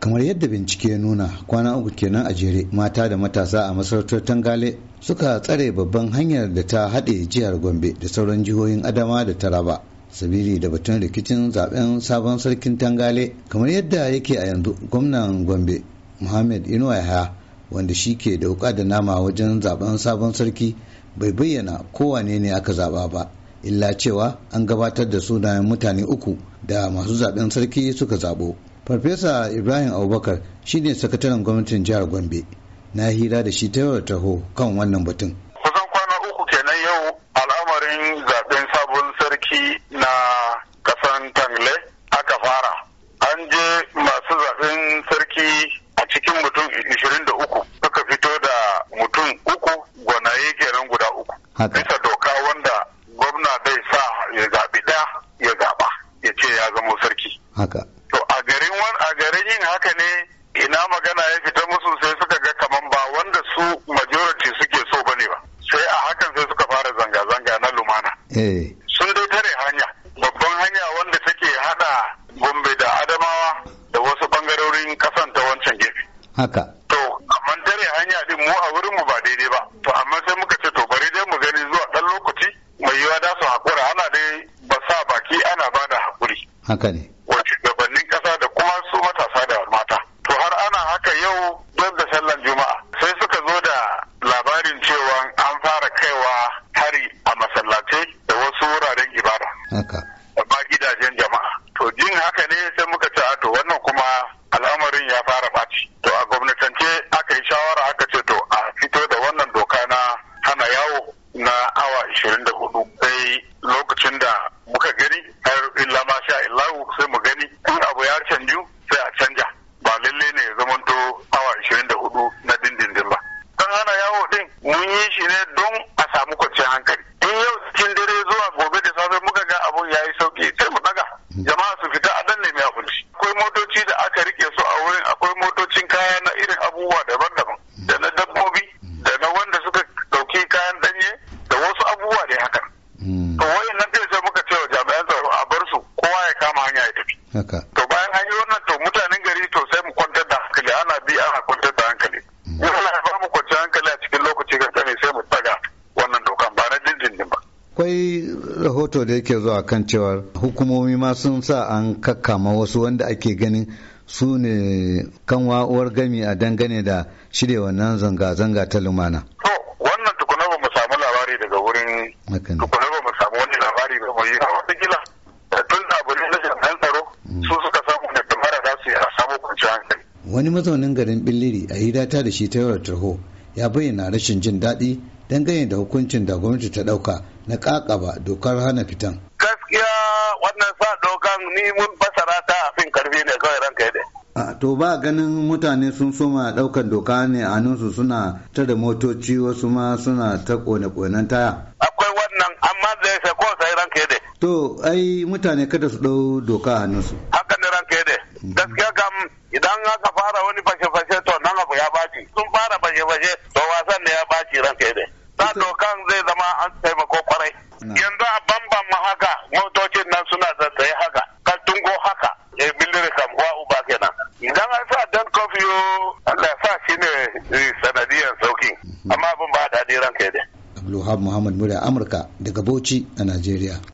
kamar yadda bincike nuna kwana uku kenan a jere mata da matasa a masarautar tangale suka tsare babban hanyar da ta haɗe jihar gombe da sauran jihohin adama da taraba sabili da batun rikicin zaben sabon sarkin tangale kamar yadda yake a yanzu gwamnan gombe muhammad inuwa haya wanda shi ke da wuka da nama wajen zaben sabon sarki bai bayyana kowane ne aka zaba ba illa cewa an gabatar da sunayen mutane uku da masu zaben sarki suka zabo farfesa ibrahim abubakar shine sakataren gwamnatin jihar gombe na hira da shi ta yau taho kan wannan batun kusan kwana uku kenan yau al'amarin zaben sabon sarki na kasan tangle aka fara an je masu zaben sarki a cikin mutum 23 suka fito da mutum uku gwanaye kenan guda uku bisa yin haka ne ina magana ya fita musu sai suka ga kaman ba wanda su majority suke so bane ba sai a hakan sai suka fara zanga-zanga na lumana eh. sun dai tare hanya babban hanya wanda take hada gombe da adamawa da wasu bangarorin kasan ta wancan gefe haka to amma tare hanya din mu a wurin mu ba daidai ba to amma sai muka ce to bari dai mu gani zuwa dan lokaci mai yiwa da su hakura ana dai ba sa baki ana ba da hakuri haka ne fara kaiwa hari a masallatai da wasu wuraren ibada. Haka. ba gidajen jama'a. To jin haka ne sai muka ce to wannan kuma al'amarin ya fara ɓaci. To a gwamnatance aka yi shawara aka ce to a fito da wannan doka na hana yawo na awa 24 sai lokacin da muka gani har illa ma sha illahu sai mu gani haka to bayan an yi wannan to mutanen gari to sai mu kwantar da hankali ana bi ana kwantar da hankali in mm. Allah ya ba mu kwanci hankali a cikin lokaci sani sai mu daga wannan dokan ba na dindindin ba akwai rahoto da yake zuwa kan cewar hukumomi ma sun sa an kakkama wasu wanda ake ganin su ne kan wa'uwar gami a dangane da shirya wannan zanga-zanga ta lumana. To, wannan tukuna ba mu samu labari daga wurin wani mazaunin garin billiri a hidata da shi ta yawar tarho ya bayyana rashin jin daɗi dangane da hukuncin da gwamnati ta ɗauka na ƙaƙaba dokar hana fitan. gaskiya wannan sa dokan ni mun fasara ta a fin karfi ne kawai ranka ya a to ba ganin mutane sun soma ɗaukar doka ne a su suna tare motoci wasu ma suna ta kone-konen taya akwai wannan amma zai sai ko sai ranka ya to ai mutane kada su ɗau doka a su. haka ne ranka ya mm-hmm. gaskiya fara wani fashe-fashe to nan abu ya baci sun fara fashe-fashe to wasan ne ya baci ran kai ne dokan zai zama an taimako kwarai yanzu a bamban ma haka motocin nan suna zazzaye haka katungo tungo haka ya eh, bildiri kam wa uba kenan idan an sa dan kofiyo Allah sa shi ne eh, sanadiyan sauki mhm. amma abin ba daɗi ran kai ne Abdulwahab Muhammad Mura Amurka daga Bauchi a Najeriya